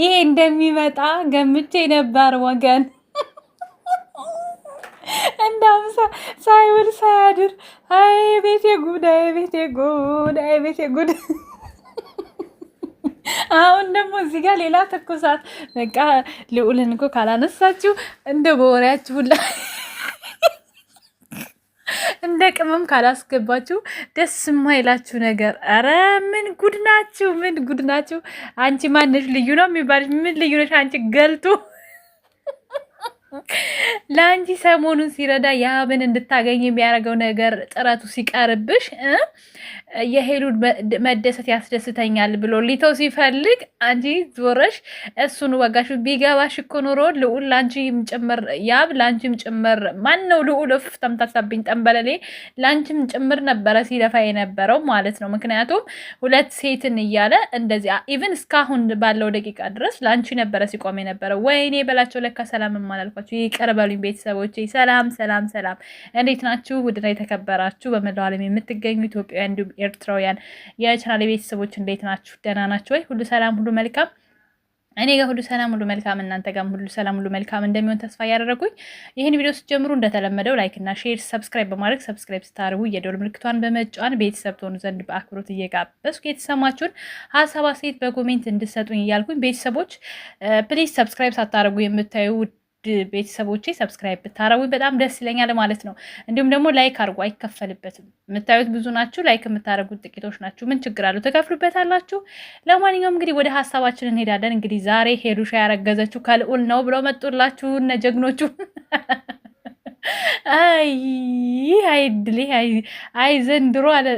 ይሄ እንደሚመጣ ገምቼ ነበር ወገን። እንዳም ሳይውል ሳያድር አይ ቤቴ ጉድ፣ አይ ቤቴ ጉድ፣ አይ ቤቴ ጉድ። አሁን ደግሞ እዚህ ጋር ሌላ ትኩሳት። በቃ ልዑልን እኮ ካላነሳችሁ እንደ በወሬያችሁ ሁላ እንደ ቅመም ካላስገባችሁ ደስ የማይላችሁ ነገር። ኧረ ምን ጉድ ናችሁ! ምን ጉድ ናችሁ! አንቺ ማነሽ? ልዩ ነው የሚባል ምን ልዩ ነሽ አንቺ ገልቱ ለአንቺ ሰሞኑን ሲረዳ የሀብን እንድታገኝ የሚያደርገው ነገር ጥረቱ ሲቀርብሽ የሄሉን መደሰት ያስደስተኛል ብሎ ሊተው ሲፈልግ አንቺ ዞረሽ እሱን ወጋሽ። ቢገባሽ እኮ ኖሮ ልዑል ለአንቺም ጭምር ያብ ለአንቺም ጭምር ማን ነው ልዑል እፍ ተምታታብኝ ጠንበለሌ ለአንቺም ጭምር ነበረ ሲለፋ የነበረው ማለት ነው። ምክንያቱም ሁለት ሴትን እያለ እንደዚህ ኢቨን እስካሁን ባለው ደቂቃ ድረስ ለአንቺ ነበረ ሲቆም የነበረው። ወይኔ በላቸው ለካ ሰላም ማላልኳ እያልኳችሁ ይቅር በሉኝ ቤተሰቦቼ። ሰላም ሰላም ሰላም፣ እንዴት ናችሁ? ውድና የተከበራችሁ በመላው ዓለም የምትገኙ ኢትዮጵያውያን እንዲሁም ኤርትራውያን የቻናል ቤተሰቦች እንዴት ናችሁ? ደህና ናችሁ ወይ? ሁሉ ሰላም፣ ሁሉ መልካም እኔ ጋር ሁሉ ሰላም ሁሉ መልካም፣ እናንተ ጋር ሁሉ ሰላም ሁሉ መልካም እንደሚሆን ተስፋ እያደረጉኝ ይህን ቪዲዮ ስትጀምሩ እንደተለመደው ላይክ እና ሼር፣ ሰብስክራይብ በማድረግ ሰብስክራይብ ስታደርጉ የደወል ምልክቷን በመጫን ቤተሰብ ትሆኑ ዘንድ በአክብሮት እየጋበዝኩ የተሰማችሁን ሀሳብ አስተያየት በኮሜንት እንድሰጡኝ እያልኩኝ ቤተሰቦች ፕሊዝ ሰብስክራይብ ሳታደርጉ የምታዩ ቤተሰቦቼ ሰብስክራይብ ብታረጉኝ በጣም ደስ ይለኛል ማለት ነው። እንዲሁም ደግሞ ላይክ አድርጉ፣ አይከፈልበትም። የምታዩት ብዙ ናችሁ፣ ላይክ የምታደርጉት ጥቂቶች ናችሁ። ምን ችግር አለው? ተከፍሉበታላችሁ። ለማንኛውም እንግዲህ ወደ ሀሳባችን እንሄዳለን። እንግዲህ ዛሬ ሄዱሻ ያረገዘችው ከልዑል ነው ብለው መጡላችሁ እነ ጀግኖቹ አይ አይ አይ ዘንድሮ አለ።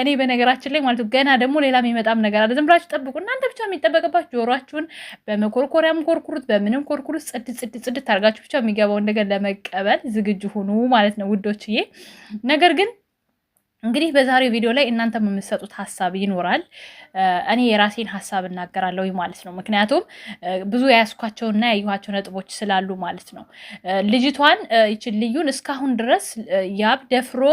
እኔ በነገራችን ላይ ማለት ገና ደግሞ ሌላ የሚመጣም ነገር አለ። ዝም ብላችሁ ጠብቁ። እናንተ ብቻ የሚጠበቅባችሁ ጆሯችሁን በመኮርኮሪያም ኮርኩሩት፣ በምንም ኮርኩሩት። ጽድት ጽድት ጽድት አድርጋችሁ ብቻ የሚገባውን ነገር ለመቀበል ዝግጁ ሁኑ ማለት ነው ውዶችዬ። ነገር ግን እንግዲህ በዛሬው ቪዲዮ ላይ እናንተም የምትሰጡት ሀሳብ ይኖራል። እኔ የራሴን ሀሳብ እናገራለሁ ማለት ነው። ምክንያቱም ብዙ የያዝኳቸውና ያየኋቸው ነጥቦች ስላሉ ማለት ነው። ልጅቷን ይችን ልዩን እስካሁን ድረስ ያብ ደፍሮ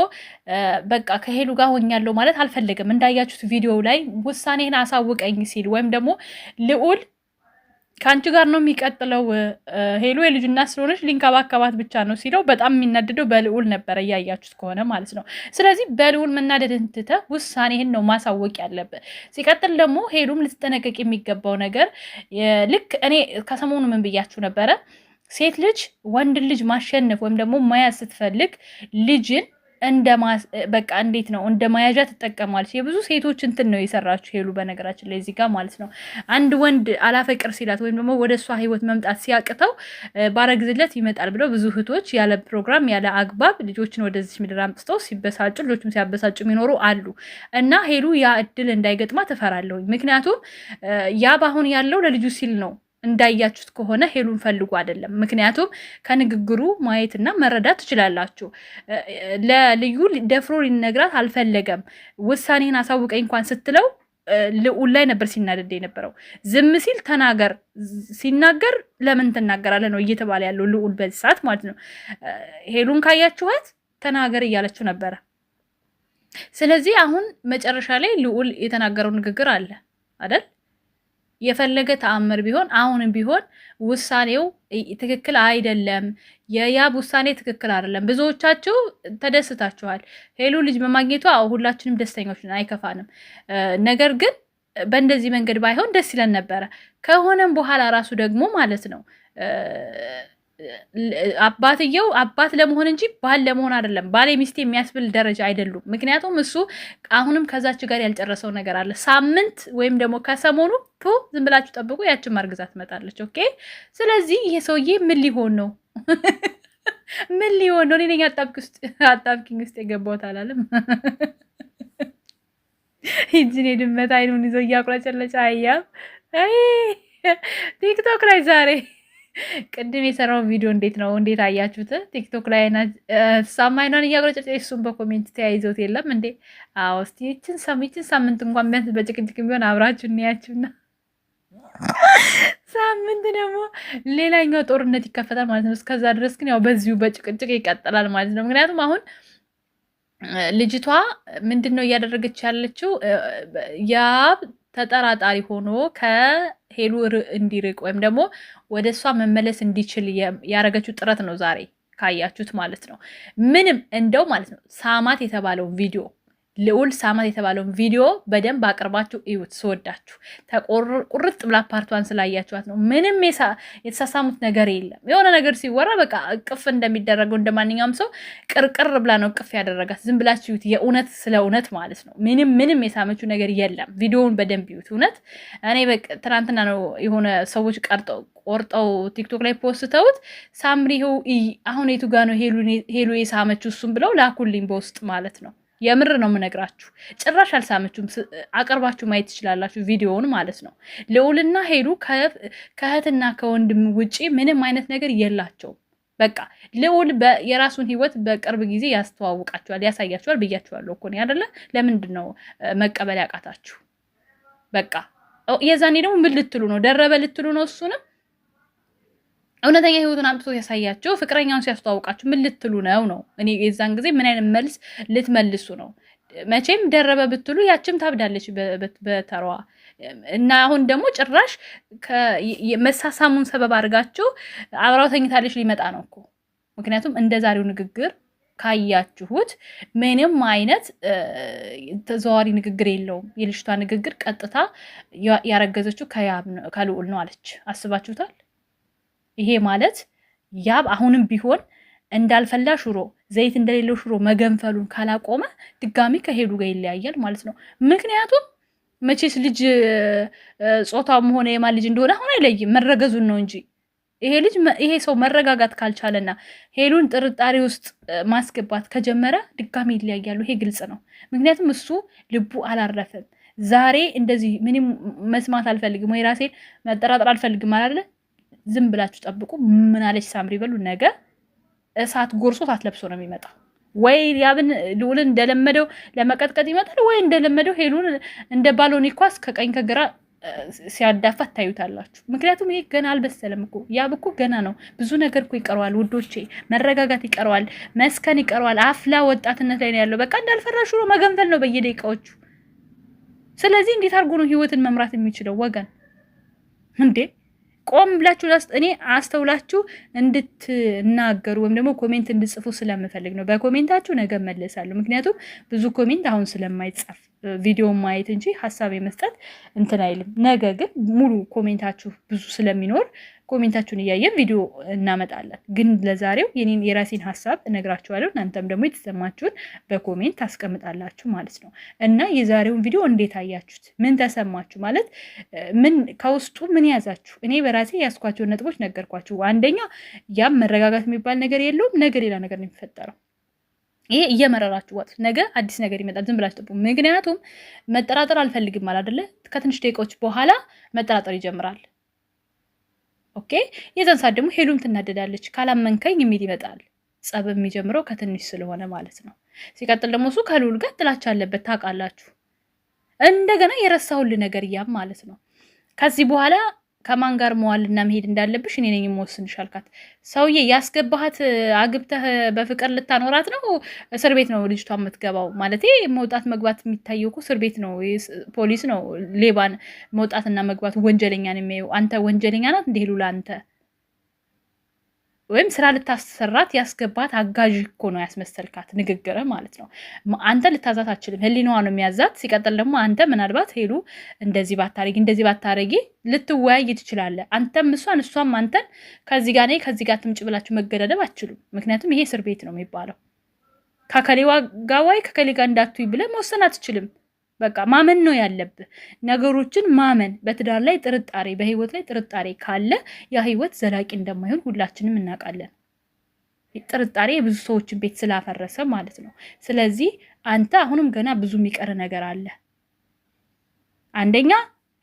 በቃ ከሄሉ ጋር ሆኛለሁ ማለት አልፈልግም። እንዳያችሁት ቪዲዮ ላይ ውሳኔህን አሳውቀኝ ሲል ወይም ደግሞ ልዑል ከአንቺ ጋር ነው የሚቀጥለው። ሄሎ የልጅና ስለሆነች ሊንከባከባት ብቻ ነው ሲለው በጣም የሚናደደው በልዑል ነበረ፣ እያያችሁት ከሆነ ማለት ነው። ስለዚህ በልዑል መናደድን ትተህ ውሳኔህን ነው ማሳወቅ ያለብህ። ሲቀጥል ደግሞ ሄሉም ልትጠነቀቅ የሚገባው ነገር ልክ እኔ ከሰሞኑ ምን ብያችሁ ነበረ? ሴት ልጅ ወንድን ልጅ ማሸነፍ ወይም ደግሞ መያዝ ስትፈልግ ልጅን በቃ እንዴት ነው እንደ መያዣ ትጠቀማለች። የብዙ ሴቶች እንትን ነው የሰራችው ሄሉ፣ በነገራችን ላይ እዚህ ጋር ማለት ነው አንድ ወንድ አላፈቅር ሲላት ወይም ደግሞ ወደ እሷ ህይወት መምጣት ሲያቅተው ባረግዝለት ይመጣል ብለው ብዙ እህቶች ያለ ፕሮግራም ያለ አግባብ ልጆችን ወደዚች ምድር አምጥተው ሲበሳጩ፣ ልጆችም ሲያበሳጩ የሚኖሩ አሉ እና ሄሉ ያ እድል እንዳይገጥማ ትፈራለሁኝ። ምክንያቱም ያ በአሁን ያለው ለልጁ ሲል ነው እንዳያችሁት ከሆነ ሄሉን ፈልጎ አይደለም። ምክንያቱም ከንግግሩ ማየትና መረዳት ትችላላችሁ። ለልዩ ደፍሮ ሊነግራት አልፈለገም። ውሳኔን አሳውቀኝ እንኳን ስትለው ልዑል ላይ ነበር ሲናደድ የነበረው። ዝም ሲል ተናገር ሲናገር ለምን ትናገራለህ ነው እየተባለ ያለው ልዑል በዚህ ሰዓት ማለት ነው። ሄሉን ካያችኋት ተናገር እያለችው ነበረ። ስለዚህ አሁን መጨረሻ ላይ ልዑል የተናገረው ንግግር አለ አይደል? የፈለገ ተአምር ቢሆን አሁንም ቢሆን ውሳኔው ትክክል አይደለም። የያብ ውሳኔ ትክክል አይደለም። ብዙዎቻችሁ ተደስታችኋል። ሄሉ ልጅ በማግኘቷ ሁላችንም ደስተኞች ነን፣ አይከፋንም። ነገር ግን በእንደዚህ መንገድ ባይሆን ደስ ይለን ነበረ። ከሆነም በኋላ ራሱ ደግሞ ማለት ነው አባትየው አባት ለመሆን እንጂ ባል ለመሆን አይደለም። ባሌ ሚስቴ የሚያስብል ደረጃ አይደሉም። ምክንያቱም እሱ አሁንም ከዛች ጋር ያልጨረሰው ነገር አለ። ሳምንት ወይም ደግሞ ከሰሞኑ ቱ ዝም ብላችሁ ጠብቁ፣ ያችን ማርግዛ ትመጣለች። ኦኬ። ስለዚህ ይሄ ሰውዬ ምን ሊሆን ነው? ምን ሊሆን ነው? እኔ አጣብቂኝ ውስጥ የገባሁት አላለም። ይህችን የድመት አይኑን ይዞ እያቁለጨለጨ አያም ቲክቶክ ላይ ዛሬ ቅድም የሰራው ቪዲዮ እንዴት ነው? እንዴት አያችሁት? ቲክቶክ ላይ ሳማ አይኗን እያቅረጨጨ እሱን በኮሜንት ተያይዘውት የለም እንዴ? አዎ፣ እስኪ ይችን ሳምንት እንኳን ቢያንስ በጭቅጭቅ ቢሆን አብራችሁ እናያችሁና ሳምንት ደግሞ ሌላኛው ጦርነት ይከፈታል ማለት ነው። እስከዛ ድረስ ግን ያው በዚሁ በጭቅጭቅ ይቀጥላል ማለት ነው። ምክንያቱም አሁን ልጅቷ ምንድን ነው እያደረገች ያለችው ያ ተጠራጣሪ ሆኖ ከሄሉ እንዲርቅ ወይም ደግሞ ወደ እሷ መመለስ እንዲችል ያደረገችው ጥረት ነው ዛሬ ካያችሁት ማለት ነው። ምንም እንደው ማለት ነው ሳማት የተባለው ቪዲዮ ልዑል ሳማት የተባለውን ቪዲዮ በደንብ አቅርባችሁ እዩት። ስወዳችሁ ቁርጥ ብላ ፓርቷን ስላያችኋት ነው። ምንም የተሳሳሙት ነገር የለም። የሆነ ነገር ሲወራ በቃ እቅፍ እንደሚደረገው እንደ ማንኛውም ሰው ቅርቅር ብላ ነው እቅፍ ያደረጋት። ዝም ብላችሁ እዩት። የእውነት ስለ እውነት ማለት ነው። ምንም ምንም የሳመችው ነገር የለም። ቪዲዮውን በደንብ እዩት። እውነት እኔ ትናንትና ነው የሆነ ሰዎች ቀርጠው ቆርጠው ቲክቶክ ላይ ፖስተውት ሳምሪ አሁን የቱ ጋ ነው ሄሉ የሳመችው እሱም ብለው ላኩልኝ በውስጥ ማለት ነው። የምር ነው የምነግራችሁ። ጭራሽ አልሳመችሁም። አቅርባችሁ ማየት ትችላላችሁ ቪዲዮውን ማለት ነው። ልዑልና ሄሉ ከእህትና ከወንድም ውጪ ምንም አይነት ነገር የላቸውም። በቃ ልዑል የራሱን ህይወት በቅርብ ጊዜ ያስተዋውቃችኋል፣ ያሳያችኋል ብያችኋለሁ እኮ ነው አይደለ? ለምንድን ነው መቀበል ያቃታችሁ? በቃ የዛኔ ደግሞ ምን ልትሉ ነው? ደረበ ልትሉ ነው? እሱንም እውነተኛ ህይወቱን አምጥቶ ያሳያቸው። ፍቅረኛውን ሲያስተዋውቃችሁ ምን ልትሉ ነው ነው? እኔ የዛን ጊዜ ምን አይነት መልስ ልትመልሱ ነው? መቼም ደረበ ብትሉ ያችም ታብዳለች በተሯ እና አሁን ደግሞ ጭራሽ መሳሳሙን ሰበብ አድርጋችሁ አብራው ተኝታለች ሊመጣ ነው እኮ። ምክንያቱም እንደ ዛሬው ንግግር ካያችሁት ምንም አይነት ተዘዋዋሪ ንግግር የለውም። የልጅቷ ንግግር ቀጥታ ያረገዘችው ከልዑል ነው አለች። አስባችሁታል? ይሄ ማለት ያብ አሁንም ቢሆን እንዳልፈላ ሽሮ ዘይት እንደሌለው ሽሮ መገንፈሉን ካላቆመ ድጋሚ ከሄዱ ጋር ይለያያል ማለት ነው። ምክንያቱም መቼስ ልጅ ጾታውም ሆነ የማን ልጅ እንደሆነ አሁን አይለይም፣ መረገዙን ነው እንጂ ይሄ ልጅ ይሄ ሰው መረጋጋት ካልቻለና ሄሉን ጥርጣሬ ውስጥ ማስገባት ከጀመረ ድጋሚ ይለያያሉ። ይሄ ግልጽ ነው። ምክንያቱም እሱ ልቡ አላረፈም። ዛሬ እንደዚህ ምንም መስማት አልፈልግም ወይ ራሴን መጠራጠር አልፈልግም አላለ ዝም ብላችሁ ጠብቁ። ምናለች ሳምሪ በሉ። ነገ እሳት ጎርሶ እሳት ለብሶ ነው የሚመጣው። ወይ ያብን ልዑልን እንደለመደው ለመቀጥቀጥ ይመጣል፣ ወይ እንደለመደው ሄሉን እንደ ባሎኒ ኳስ ከቀኝ ከግራ ሲያዳፋት ታዩታላችሁ። ምክንያቱም ይህ ገና አልበሰለም እኮ ያብ እኮ ገና ነው። ብዙ ነገር እኮ ይቀረዋል ውዶቼ፣ መረጋጋት ይቀረዋል፣ መስከን ይቀረዋል። አፍላ ወጣትነት ላይ ነው ያለው። በቃ እንዳልፈራሹ ነው መገንፈል ነው በየደቂቃዎቹ። ስለዚህ እንዴት አድርጎ ነው ህይወትን መምራት የሚችለው ወገን እንዴ? ቆም ብላችሁ እኔ አስተውላችሁ እንድትናገሩ ወይም ደግሞ ኮሜንት እንድጽፉ ስለምፈልግ ነው። በኮሜንታችሁ ነገ መለሳለሁ። ምክንያቱም ብዙ ኮሜንት አሁን ስለማይጻፍ ቪዲዮ ማየት እንጂ ሀሳብ የመስጠት እንትን አይልም። ነገ ግን ሙሉ ኮሜንታችሁ ብዙ ስለሚኖር ኮሜንታችሁን እያየን ቪዲዮ እናመጣለን። ግን ለዛሬው የኔን የራሴን ሀሳብ እነግራችኋለሁ። እናንተም ደግሞ የተሰማችሁን በኮሜንት ታስቀምጣላችሁ ማለት ነው እና የዛሬውን ቪዲዮ እንዴት አያችሁት? ምን ተሰማችሁ? ማለት ምን ከውስጡ ምን ያዛችሁ? እኔ በራሴ ያስኳቸውን ነጥቦች ነገርኳችሁ። አንደኛ ያም መረጋጋት የሚባል ነገር የለውም። ነገ ሌላ ነገር ነው የሚፈጠረው። ይሄ እየመረራችሁ ዋጥ ነገ አዲስ ነገር ይመጣል። ዝም ብላችሁ ጥቡ። ምክንያቱም መጠራጠር አልፈልግም አላደለ ከትንሽ ደቂቃዎች በኋላ መጠራጠር ይጀምራል። ኦኬ። የዛን ሰዓት ደግሞ ሄሉም ትናደዳለች። ካላመንከኝ የሚል ይመጣል። ጸብ የሚጀምረው ከትንሽ ስለሆነ ማለት ነው። ሲቀጥል ደግሞ እሱ ከልዑል ጋር ጥላቻ አለበት ታውቃላችሁ። እንደገና የረሳሁል ነገር እያም ማለት ነው። ከዚህ በኋላ ከማን ጋር መዋልና መሄድ እንዳለብሽ እኔ ነኝ የምወስንሽ አልካት። ሰውዬ ያስገባሃት አግብተህ በፍቅር ልታኖራት ነው? እስር ቤት ነው ልጅቷ የምትገባው። ማለት መውጣት መግባት የሚታየው እኮ እስር ቤት ነው። ፖሊስ ነው ሌባን መውጣትና መግባት ወንጀለኛ ነው የሚያየው። አንተ ወንጀለኛ ናት እንደ ሄሉ ለአንተ ወይም ስራ ልታሰራት ያስገባት አጋዥ እኮ ነው ያስመሰልካት ንግግር ማለት ነው። አንተ ልታዛት አችልም፣ ህሊናዋ ነው የሚያዛት። ሲቀጥል ደግሞ አንተ ምናልባት ሄሉ እንደዚህ ባታረጊ እንደዚህ ባታረጊ ልትወያይ ትችላለ። አንተም እሷን እሷም አንተን ከዚህ ጋር ነይ ከዚህ ጋር ትምጭ ብላችሁ መገዳደብ አችሉም። ምክንያቱም ይሄ እስር ቤት ነው የሚባለው። ከከሌዋ ጋዋይ ከከሌ ጋር እንዳትይ ብለ መወሰን አትችልም። በቃ ማመን ነው ያለብህ ነገሮችን ማመን። በትዳር ላይ ጥርጣሬ፣ በህይወት ላይ ጥርጣሬ ካለ ያ ህይወት ዘላቂ እንደማይሆን ሁላችንም እናውቃለን። ጥርጣሬ የብዙ ሰዎችን ቤት ስላፈረሰ ማለት ነው። ስለዚህ አንተ አሁንም ገና ብዙ የሚቀር ነገር አለ። አንደኛ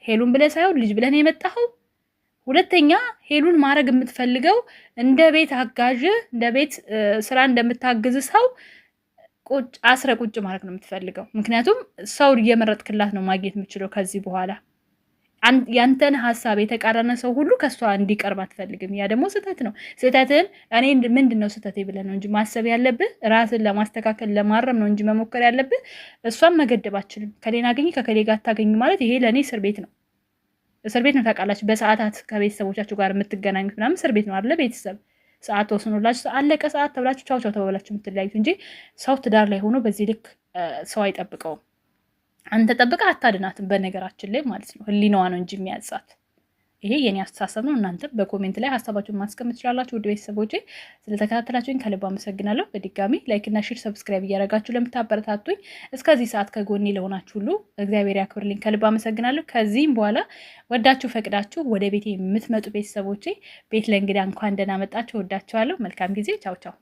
ሄሉን ብለህ ሳይሆን ልጅ ብለህ ነው የመጣኸው። ሁለተኛ ሄሉን ማድረግ የምትፈልገው እንደ ቤት አጋዥ እንደ ቤት ስራ እንደምታግዝ ሰው ቁጭ አስረ ቁጭ ማለት ነው የምትፈልገው። ምክንያቱም ሰው እየመረጥክላት ነው ማግኘት የምችለው ከዚህ በኋላ ያንተን ሀሳብ የተቃረነ ሰው ሁሉ ከእሷ እንዲቀርብ አትፈልግም። ያ ደግሞ ስህተት ነው። ስህተትን እኔ ምንድን ነው ስህተት ብለህ ነው እንጂ ማሰብ ያለብህ ራስን ለማስተካከል ለማረም ነው እንጂ መሞከር ያለብህ እሷን መገደብ አችልም። ከሌን አገኝ ከከሌ ጋር አታገኝ ማለት ይሄ ለእኔ እስር ቤት ነው። እስር ቤት ነው ታውቃላችሁ። በሰዓታት ከቤተሰቦቻችሁ ጋር የምትገናኙት ምናምን እስር ቤት ነው አለ ቤተሰብ ሰዓት ተወስኖላችሁ አለቀ ሰዓት ተብላችሁ ቻው ቻው ተባብላችሁ የምትለያዩት እንጂ ሰው ትዳር ላይ ሆኖ በዚህ ልክ ሰው አይጠብቀውም። አንተ ጠብቀህ አታድናትም። በነገራችን ላይ ማለት ነው ህሊናዋ ነው እንጂ የሚያጻት ይሄ የኔ አስተሳሰብ ነው። እናንተ በኮሜንት ላይ ሀሳባችሁን ማስቀመጥ ትችላላችሁ። ውድ ቤተሰቦች ስለተከታተላችሁኝ ከልብ አመሰግናለሁ። በድጋሚ ላይክና ሼር፣ ሰብስክራይብ እያደረጋችሁ ለምታበረታቱኝ እስከዚህ ሰዓት ከጎኔ ለሆናችሁ ሁሉ እግዚአብሔር ያክብርልኝ። ከልብ አመሰግናለሁ። ከዚህም በኋላ ወዳችሁ ፈቅዳችሁ ወደ ቤቴ የምትመጡ ቤተሰቦች ቤት ለእንግዳ እንኳን ደህና መጣችሁ። ወዳችኋለሁ። መልካም ጊዜ። ቻው ቻው።